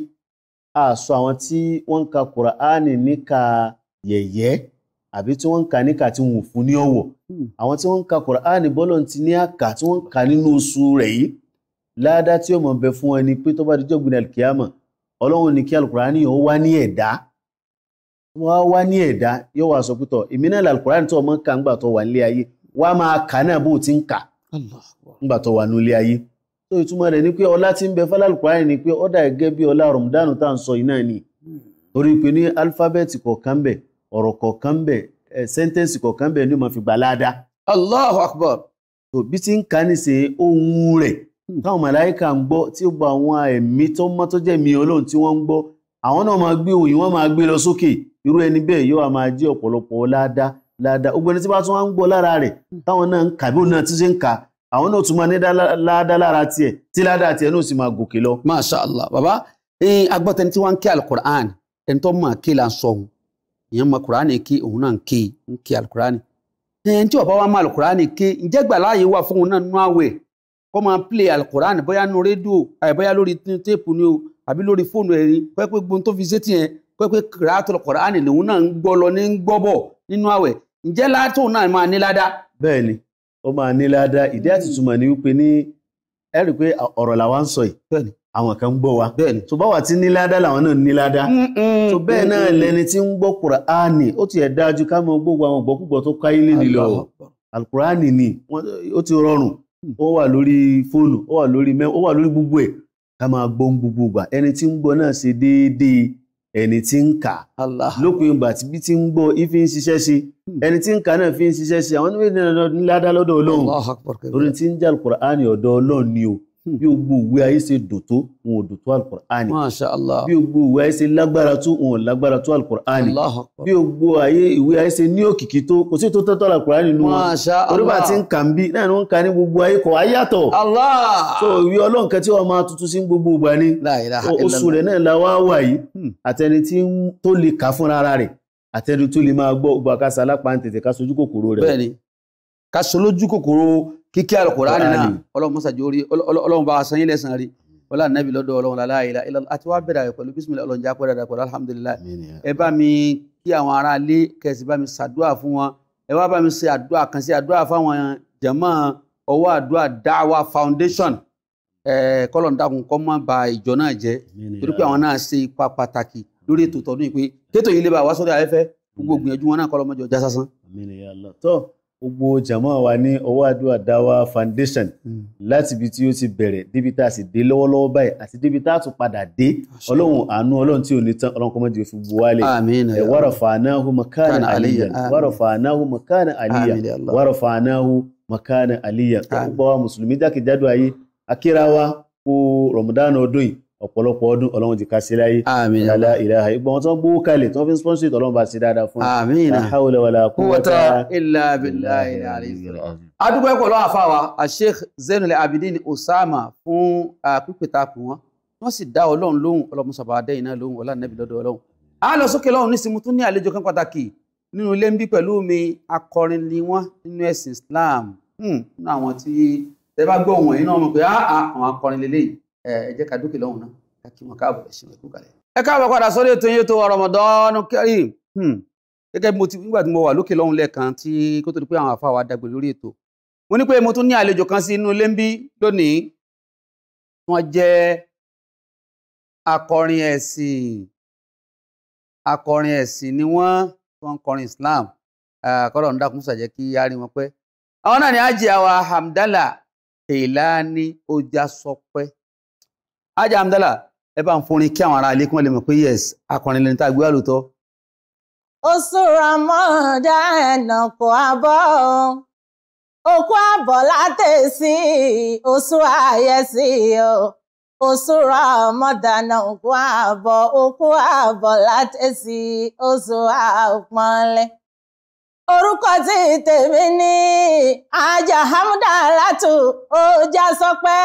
àṣọ àwọn tí wọ́n ka kur'ani níka yẹ̀yẹ́ àbí tí wọ́n ń ka níkà tí wọ́n fún ní ọ̀wọ̀ hmm. àwọn tí wọ́n ka kùránì bọ́lọ̀ ti ní àkà tí wọ́n ka nínú oṣù rẹ̀ yìí ládàá tí ó mọ̀ bẹ fún ẹni pé tó bá dijọ́ gbìnà kìámà ọlọ́run ní kí alukurani ó wá ní ẹ̀dá wá wá ní ẹ̀dá yóò wá sọ pé tọ̀ èmi náà alukurani tó ọmọ ká ńgbà wà nílé ayé wá máa kà náà bó ti ń kà ńgbà wà nílé ayé tó ìtumọ̀ rẹ̀ ni pé ọlá ń bẹ alukurani ni pé gẹ́gẹ́ bí ọlá rọ̀mùdánù tá táwọn màláìka ń gbọ́ tí ó gba àwọn ẹ̀mí tó mọ́ tó jẹ́ mi ọlọ́run tí wọ́n ń gbọ́ àwọn náà máa gbé òyìn wọ́n máa gbé lọ sókè irú ẹni bẹ́ẹ̀ yóò wá máa jẹ́ ọ̀pọ̀lọpọ̀ ládá ládá gbogbo ẹni tí bá tún wá ń gbọ́ lára rẹ̀ táwọn náà ń kà bí òun náà tún ṣe ń kà àwọn náà tún máa ní ládá lára tiẹ̀ tí ládá tiẹ̀ náà sì máa gòkè lọ. masha allah baba agbọ́tẹni tí wọ́n ń kí alukur'an ẹni tó máa kí là ń sọ òun ìyẹn mọ kur'ani kí òun náà ń kí ń kí alukur'ani ẹni tí ó bá wá máa alukur'ani kí ǹjẹ́ gbà láàyè kó máa play alukoran bóyá nu rédíò àìbóyá lórí téèpù ni o àbí lórí fóònù ẹ̀rín pẹ́pẹ́ gbóhùn tó fi sétí yẹn pẹ́pẹ́ kìrààtò alukoran lòun náà ń gbọ́ lọ ní ń gbọ́ bọ̀ nínú àwẹ̀ ǹjẹ́ látò náà máa ní ládá. bẹ́ẹ̀ ni ó máa ní ládá ìdí àti ìtumọ̀ ni wípé ní ẹ rí i pé ọ̀rọ̀ làwa ń sọ yìí àwọn kan ń gbọ́ wa tó bá wà tí ní ládá làwọn náà ní ládá tó bẹ́ẹ̀ náà lẹni tí ń gbọ́ kùránì ó ti ẹ̀ dájú ká mọ gbogbo àwọn gbọ́kúgbọ́ tó káyé nílò alukurani ni ó ti rọrùn Hmm. ó wà lórí fóònù ó wà lórí mẹ́ ó wà lórí gbogbo ẹ̀ ká máa gbogbo ìgbà ẹni tí ń gbọ́ náà ṣe déédéé ẹni tí ń kà lópin ìgbà tí bí ti ń gbọ́ ifi ń ṣiṣẹ́ hmm. ẹni tí ń kà náà fi ń ṣiṣẹ́ àwọn lọ́dọ̀ ọlọ́run orin tí ń jà ọ̀dọ̀ Hmm. bí gbogbo ìwé ayé ṣe dùn tó wọn ò dùn tó alukur'ani Masha Allah bí gbogbo ìwé ayé ṣe lágbára tó wọn ò lágbára tó alukur'ani bí gbogbo ayé ìwé ayé ṣe ní òkìkí tó kò sí tó tọ́tọ́ alukur'ani nù wọn Masha Allah orí bá ti ń kà ń bí náà ni wọ́n ń ka ní gbogbo ayé kọ̀ ayàtọ̀ Allah so ìwé ọlọ́run kan tí wọ́n máa tuntun sí gbogbo ìgbà ni oṣù rẹ̀ náà la wá wà yìí hmm. àtẹni tí tó lè kà fúnra rẹ̀ àtẹni tó lè máa gbọ́ kíkí alukurani náà ọlọ́run mọ́sá jórí ọlọ́run bá san yín lẹ́sàn rí ọlọ́run nàbí lọ́dọ̀ ọlọ́run aláìlá àti wàá bẹ̀rẹ̀ pẹ̀lú bisimilayi ọlọ́run jápẹ́ dada pẹ̀lú alhamdulilayi ẹ bá mi kí àwọn ará ilé kẹsì bá mi ṣàdúrà fún wọn ẹ wá bá mi ṣe àdúrà kan sí àdúrà fáwọn jàmá ọwọ́ àdúrà dáwà foundation kọ́lọ̀n dàkún kọ́ má ba ìjọ náà jẹ́ torí pé àwọn náà ṣe ipa pàtàkì lórí ètò tọdún yìí pé kétò yìí lè bá wá gbogbo jàmọ́ wa ní ọwọ́ àdúrà dáwà foundation hmm. láti ibi tí ó ti bẹ̀rẹ̀ débi tá a sì dé lọ́wọ́lọ́wọ́ báyìí àti débi tá a tún padà dé ọlọ́run àánú ọlọ́run tí ò ní tán ọlọ́run kọ́mọ́dé fi bu wálé wàrọ̀fàánáhù makana aliyan wàrọ̀fàánáhù makana aliyan wàrọ̀fàánáhù makana aliyan gbogbo wa mùsùlùmí jákèjádò ayé akíra kó rọ̀mùdánù ọdún yìí ọ̀pọ̀lọpọ̀ ọdún ọlọ́run ti ká sí láyé ìlàlá ìlàhà ìgbọ̀n tó ń gbówó kalẹ̀ tó ń fi sponsor ìtọ́ ọlọ́run bá ṣe dáadáa fún un la hawla wala quwwata illa billahi al-aliyyil azim. adúgbò ẹ̀kọ́ lọ́wọ́ àfàwà Sheikh Zainul Abidin Osama fún pípẹ́ta kù wọ́n wọ́n sì dá ọlọ́run lóhùn ọlọ́mùsọ̀bà adẹ́yìn náà lóhùn ọlánàbí lọ́dọ̀ ọlọ́run. a lọ sókè lọ́hùn ní simu tún ní àlejò kan pàtàkì nínú ilé ń bí pẹ̀lú mi akọrin ni wọ́n nínú ẹ̀sìn Islam hmm, nínú àwọn tí tẹ bá gbọ́ wọ̀nyí náà mọ̀ pé àwọn akọrin lélẹ́yìí Eh, ẹ jẹ́ ká dúkìá lọ́hùn náà ká kí wọn káàbọ̀ ẹ̀sìn ẹ̀kú kalẹ̀. ẹ káàbọ̀ padà sórí ètò yín tó Ramadan Kareem hmm. gẹ́gẹ́ bí mo ti nígbà tí mo wà lókè lọ́hùn lẹ́ẹ̀kan tí kó tó di pé àwọn àfa wa dàgbé lórí ètò mo ní pé mo tún ní àlejò kan sí inú ilé ń bí lónìí wọ́n jẹ́ akọrin ẹ̀sìn akọrin ẹ̀sìn ni wọ́n wọ́n kọrin Islam kọ́lọ̀ ń dákun sàjẹ́ kí á rí wọn pé àwọn náà ni Hajiya wa Hamdala Kelani Ojasope ajá amdala ẹ bá ń forin kí àwọn ará ilé kí wọ́n lè mọ̀ pé yes akọrin lẹni tá a gbé wà lóòótọ́. oṣù ramọ́dá ẹ̀nà kò àbọ̀ òkú àbọ̀ látẹ̀sí oṣù àyẹ̀sí o oṣù ramọ́dá òkú àbọ̀ òkú àbọ̀ látẹ̀sí oṣù àpọ́nlé orúkọ tí tèmi ní ajá hamdalatu ó já sọ pé.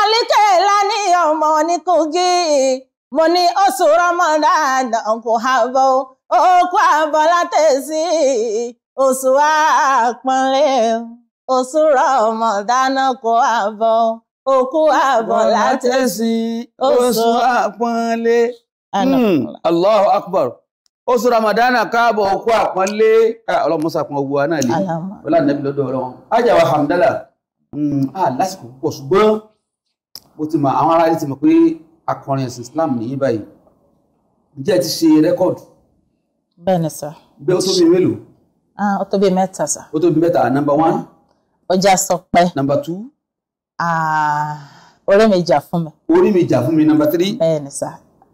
alikela ni ọmọ ní mọ ni oṣù ramadan kò àbọ̀ òkú àbọ̀lá tẹ̀sí oṣù àpọ́nlé oṣù ramadan kò o òkú àbọ̀lá tẹ̀sí Allahu akbar oṣù ramadana káàbọ̀ òkú àpọ́nlé ọlọ́mọṣà kan owó wa náà lè wọlé hamdala lásìkò mo ti mọ àwọn ará ilé ti mọ pé akọrin ẹ̀sìn Islam nìyí báyìí ǹjẹ́ ẹ ti ṣe rẹ́kọ̀dù. bẹ́ẹ̀ ni sà. bẹ́ẹ̀ tó bíi mélòó. ah ó tó bíi mẹ́ta sà. ó tó bíi mẹ́ta nọ́mbà one. ọjà sọpẹ́. nọ́mbà two. ah orí mi jà fún mi. orí mi jà fún mi nọ́mbà three. bẹ́ẹ̀ ni sà.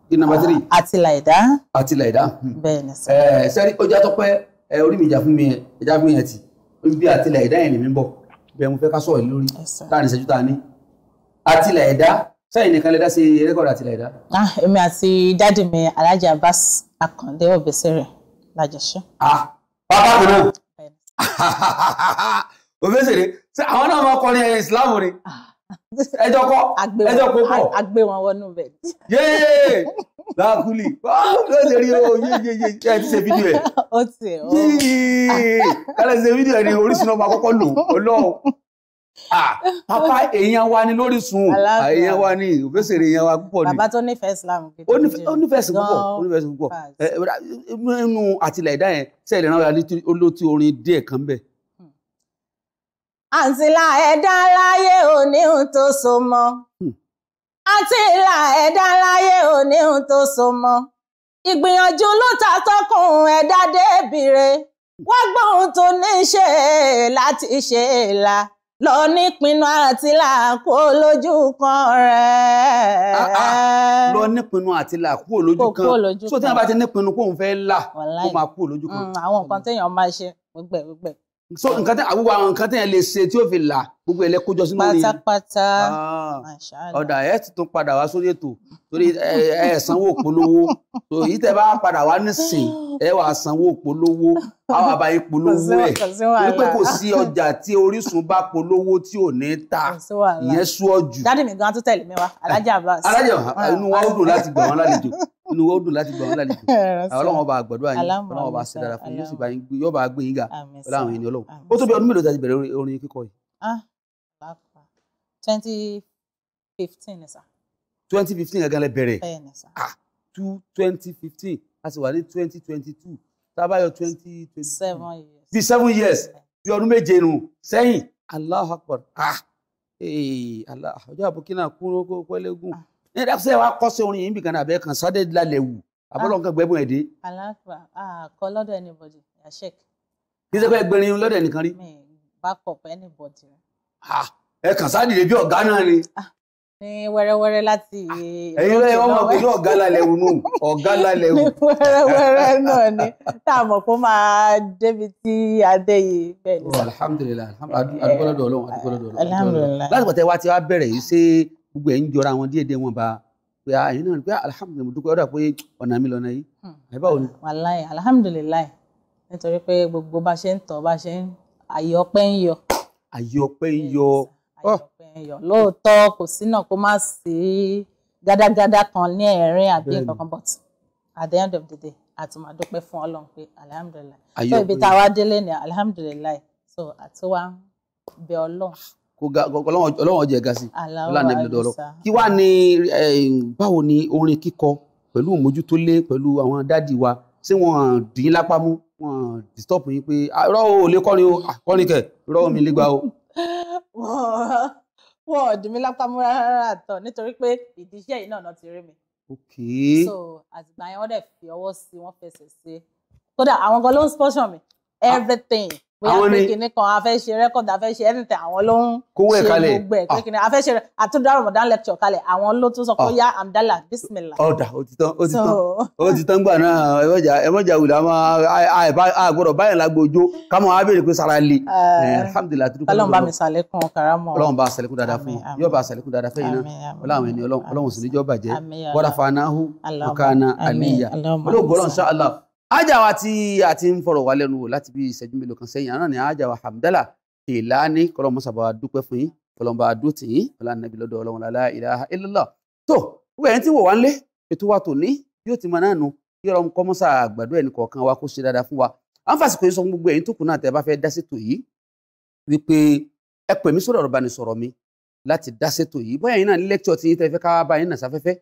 kí nọ́mbà three. Ah, àti làìdá. àti làìdá. Hmm. bẹ́ẹ̀ ni sà. ẹ eh, sẹ́rí ọjà tọpẹ́ ẹ eh, orí mi jà fún mi ẹja fún yẹn ti bí àti làìdá yẹn lè mi bọ̀ bẹ́ẹ̀ mo fẹ́ ká sọ̀rọ̀ lórí láàrin ìṣẹ́jú tá a ní àtìlẹ̀ ẹ̀dá sẹ́yìn nìkan lè dá sí rẹ́kọ̀dù àtìlẹ̀ ẹ̀dá. èmi àti dáàdì mi alájà Abbas Akande Obesere lájọṣe. bàbá ah, kan náà [LAUGHS] Obesere ṣé àwọn náà máa kọrin Islam ni ẹjọ kọ ẹjọ kọ kọ àgbé wọn wọnú bẹ. yéé lákùlì lọ́sẹ̀ ah, rí o oh, yéyéyé ẹ ti ṣe fídíò ẹ̀. [LAUGHS] ó ti ẹ̀ o. yéé kálẹ̀ ṣe fídíò ẹ̀ ni Orísun náà máa kọ́kọ́ lò ó lọ́wọ́. Papa [LAUGHS] èèyàn wa ni lórí sun èèyàn wa ni òfésèrè èèyàn wa púpọ̀ ni. Bàbá tó nífẹ̀ẹ́ Islam. Ó nífẹ̀ẹ́ sí púpọ̀ ó nífẹ̀ẹ́ sí púpọ̀. Nínú àtìlẹ̀ ìdá yẹn sẹ́yìn ìrànwọ́ olóòtú orin díẹ̀ kan bẹ̀. Hmm. Àǹtílà ẹ̀dá láyé ò ní ohun tó so mọ́. Hmm. Àǹtílà ẹ̀dá láyé ò ní ohun tó so mọ́. Ìgbìyànjú ló ta tọkùn ẹ̀dá débìrè. Hmm. Wọ́n gbóhun tó ní ṣe láti ṣe é la lọ nípinnu àti làkó lójú kan rẹ̀. Ah, ah. lọ nípinnu àti làkó lójú kan so tí wọn bá ti nípinnu kóun fẹ́ là kó máa kó lójú kan. Mm, àwọn nǹkan mm. téèyàn máa ṣe gbogbo ẹ so ah. nǹkan tẹ àwùwọ àwọn nǹkan tẹyàn lè ṣe tí ó fi là gbogbo ẹlẹ kójọ sínú ní. pátápátá ah. ọ̀dà ẹ̀ ti tún padà wá sórí ètò torí ẹ̀ sanwó polówó tó yìí tẹ bá padà wá nísìn ẹ̀ wà sanwó polówó àwọn àbáyé polówó ẹ̀ wípé kò sí ọjà tí Orísun bá polówó tí ò ní ta ìyẹn sú ọ jù. dádì mi gan-an tó tẹ̀lé mi wá alájà bá a sí. alájà ah. inú wa ó dùn láti gbà wọn lálejò inú wọn dùn láti gbà wọn lálejò Ọlọ́run ọba àgbàdua yín Ọlọ́run ọba ṣe dára fún yín yóò sì bá yín gbé yóò bá gbé yín ga Ọlọ́run yín ni Ọlọ́run ó tó bí ọdún mélòó ti bẹ̀rẹ̀ orin kíkọ yìí. twenty fifteen ni sà. twenty fifteen gangan lẹ bẹ̀rẹ̀ ah two twenty fifteen a sì wà ní twenty twenty two tábàyọ twenty twenty seven years bí seven years bí ọdún méje nù sẹ́yìn Allahu Akbar ah ọjọ́ àbókínà kúrò kó pẹ́lẹ́gùn ní dákúsẹ́ wa kọ́ sí orin yìí nbìkan náà abẹ́ kan sáré lálẹ́ wù abọ́lọ́nkàn gbẹ́bùn ẹ̀ dé. aláàbà àkọ́ lọ́dọ̀ anybody yasek. kí sẹ́kọ̀ ẹgbẹ̀rin lọ́dọ̀ ẹnìkan rí. back up anybody. ẹ kàn sáà dìde bí ọ̀gá náà ni. Ah, ní wẹ́rẹ́wẹ́rẹ́ láti. Ah, ẹ̀yin rẹ̀ wọ́n mọ̀ pé ní ọ̀gá lálẹ́ wù nù ọ̀gá lálẹ́ wù. ní wẹ́rẹ́wẹ́rẹ́ náà ni tá a mọ̀ kó máa débi tí adé yìí bẹ́ẹ̀ ni. alhamdulilayi alhamdulilayi adúgbò lọ́dọ̀ Ọlọ́run adúgbò lọ́dọ̀ Ọlọ́run. alhamdulilayi. láti pàtẹ́ gbogbo ẹ̀ ń jọra wọn díẹ̀ díẹ̀ wọn bá pé àyìn ah, náà pé ah, alihamudulilayi mo dúpẹ́ ọ̀dà pé ọ̀nà mi lọ́nà yìí àyíbá hmm. òní. wàláì alihamudulilayi nítorí pé gbogbo bá ṣe ń tọ̀ bá ṣe ń àyè ọpẹ́ ń yọ. àyè ọpẹ́ ń yọ. àyè oh. ọpẹ́ ń yọ lóòótọ́ kò sí náà kó má sí gádágádá kan ní ẹ̀rín àbí nǹkan but at the end of the day àtùmọ̀dúpẹ́ fún ọlọ́run pé alihamudulilayi so ibi tá a wá délé ni alihamudulilayi so àtiwá bẹ ọlọ́run ọlọ́wọ́n jẹ́ ga sí ọlọ́wọ́n ẹ̀mí lọ́dọ̀ kí wá ní báwo ni orin kíkọ pẹ̀lú òmójútó lé pẹ̀lú àwọn dádì wa ṣé wọ́n dín in lápá mú wọ́n disturb yín pé ah, irọ́ o lè kọrin o ah, kọrin kẹ̀ irọ́ mi lè gba o. wọn ò dín mi lápá mú rárá àtọ nítorí pé ìdí iṣẹ́ yìí náà ti rí mi. so àtìgbà yẹn wọ́n dẹ̀ fi ọwọ́ sí wọ́n fẹsẹ̀ sí kódà àwọn gan ló ń sponsor mi everything àwọn ni kíni kan a fẹ́ ṣe record a fẹ́ ṣe anything àwọn ló ń ṣe gbogbo ẹ̀ pé ah. kíni a fẹ́ ṣe àtúndà Ramadan lecture kalẹ̀ àwọn ló tún sọ pé ah. yá amdala bismillah. ọ̀dà ó ti tán ó ti tán ó ti tán gbà náà ẹ̀mọ́jà ẹ̀mọ́jà wùdà máa àgbọ̀dọ̀ báyìí lágbo ojó kámọ́ á béèrè pé sara le. Eh, eh, alhamdulilayi tó lọ́nba mi sàlékún karamọ́. ọlọ́run bá sàlékún dáadáa fún yín yóò bá sàlékún dáadáa fún yín náà ọlọ́run ẹni ọlọ́run sì níjọ́ bàjẹ́ wọ́n ajáwa tí a ti ń fọ̀rọ̀ wá lẹ́nu wò láti bí ìṣẹ́jú mélòó kan sẹ́yìn àná ni ajáwa Hamdala Jelani kọlọmọsàbà dúpẹ́ fún yín kọlọmọba dúró tì yín ọlànàbí lọ́dọ̀ Ọlọ́run lálá ilaha illallah tó gbogbo ẹ̀yin tí wò wá ńlé ètò wa tò ní yóò ti máa nánu kí Ọlọ́run kọmọsà àgbàdo ẹnì kọ̀ọ̀kan wa kó ṣe dáadáa fún wa à ń fàsìkò yìí sọ fún gbogbo ẹ̀yin tó kù náà tẹ bá fẹ́ dá sétò yìí wípé ẹ pè mí sórí ọ̀rọ̀ ìbánisọ̀rọ̀ mi láti dá sétò yìí bóyá ẹ̀yin náà ní lẹ́kítọ̀ tí yín tẹ fẹ́ ká bá yín náà sáfẹ́fẹ́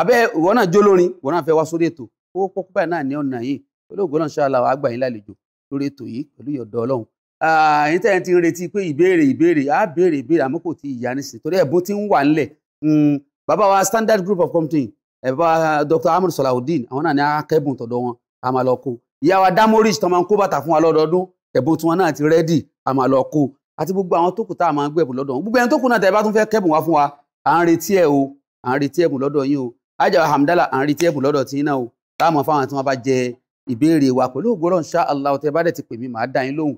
àbẹ́ ìwọ náà jólórin ìwọ náà fẹ́ wá sórí ètò owó pọ́kú báyìí náà ní ọ̀nà yìí olóògbé náà ṣáàlà wàá gbà yín lálejò lórí ètò yìí pẹ̀lú ìyọ̀dọ̀ ọlọ́run àyín tẹ́yìn ti ń retí pé ìbéèrè ìbéèrè á béèrè ìbéèrè àmọ́ kò tí ì yá nísìnyí torí ẹ̀bùn ti ń wà ńlẹ̀ hmm, bàbá wa standard group of company bàbá dr ahmed salawudeen àwọn náà ní akẹ́bùn tọ̀dọ̀ wọn a máa lọ kó ìyá wa damorich tó máa ń kó bàtà fún wa lọ́dọọdún ẹ̀bùn tiwọn náà ti rẹ́dì a máa lọ kó àti gbogbo àwọn tó kù tá a máa ń gbẹ̀bùn lọ́dọ̀ wọn gbogbo ẹni tó kù náà tẹ́ bá tún fẹ́ kẹ́bùn wá fún wa à ń retí ẹ̀ o à ń retí ẹ̀bùn lọ́dọ̀ yín o ajá hamdala à ń retí ẹ̀bùn lọ́dọ̀ tí yín náà o láàmú fáwọn tí wọ́n bá jẹ ìbéèrè wa pẹ̀lú ògbóràn ṣá Allah ọ̀tẹ̀ bá dẹ̀ ti pè mí màá dá yín lóhùn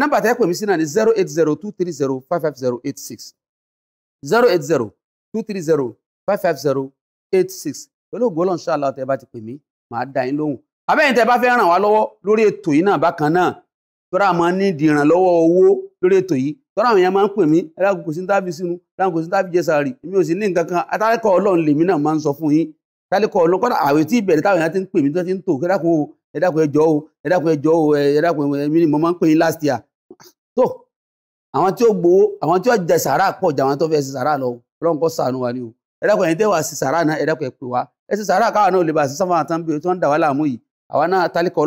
nọ́mbà tẹ́ pè mí sí náà ni zero eight zero two three zero five five zero eight six zero eight zero two three zero five five zero eight six pẹ̀lú ògbóràn ṣá bá ti pè mí màá dá yín lóhùn abẹ́yìn tẹ́ bá fẹ́ ràn wá lọ́wọ́ lórí ètò yìí náà bákan náà tọ́ra ní owó lórí ètò tálíkọ̀ ọlọ́kọ́dà àwẹ̀ tí ìbẹ̀rẹ̀ táwọn èèyàn ti ń pè mí tó ti ń tò ẹ̀dàkùn o ẹ̀dàkùn ẹjọ́ o ẹ̀dàkùn ẹjọ́ o ẹ̀dàkùn ẹ̀mí ni mo máa ń pè yín last year tó àwọn tí ó gbowó àwọn tí ó jẹ sàárà pọ̀ jà àwọn tó fẹ́ ṣe sàárà lọ ọlọ́run kó ṣàánú wa ni o ẹ̀dàkùn ẹ̀yìn tẹ́ wà sí sàárà náà ẹ̀dàkùn ẹ̀ pè wá ẹ̀ sì sàárà káwọn náà lè bá sísan fún àtàn bí wọ́n dà wá láàmú yìí àwa náà tálíkọ̀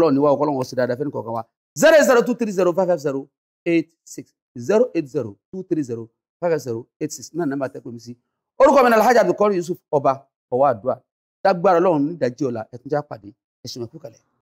lágbára Ọlọ́run nídàájí ọ̀la ẹ̀túnjá pàdé ẹ̀sùn ẹ̀kú kalẹ̀.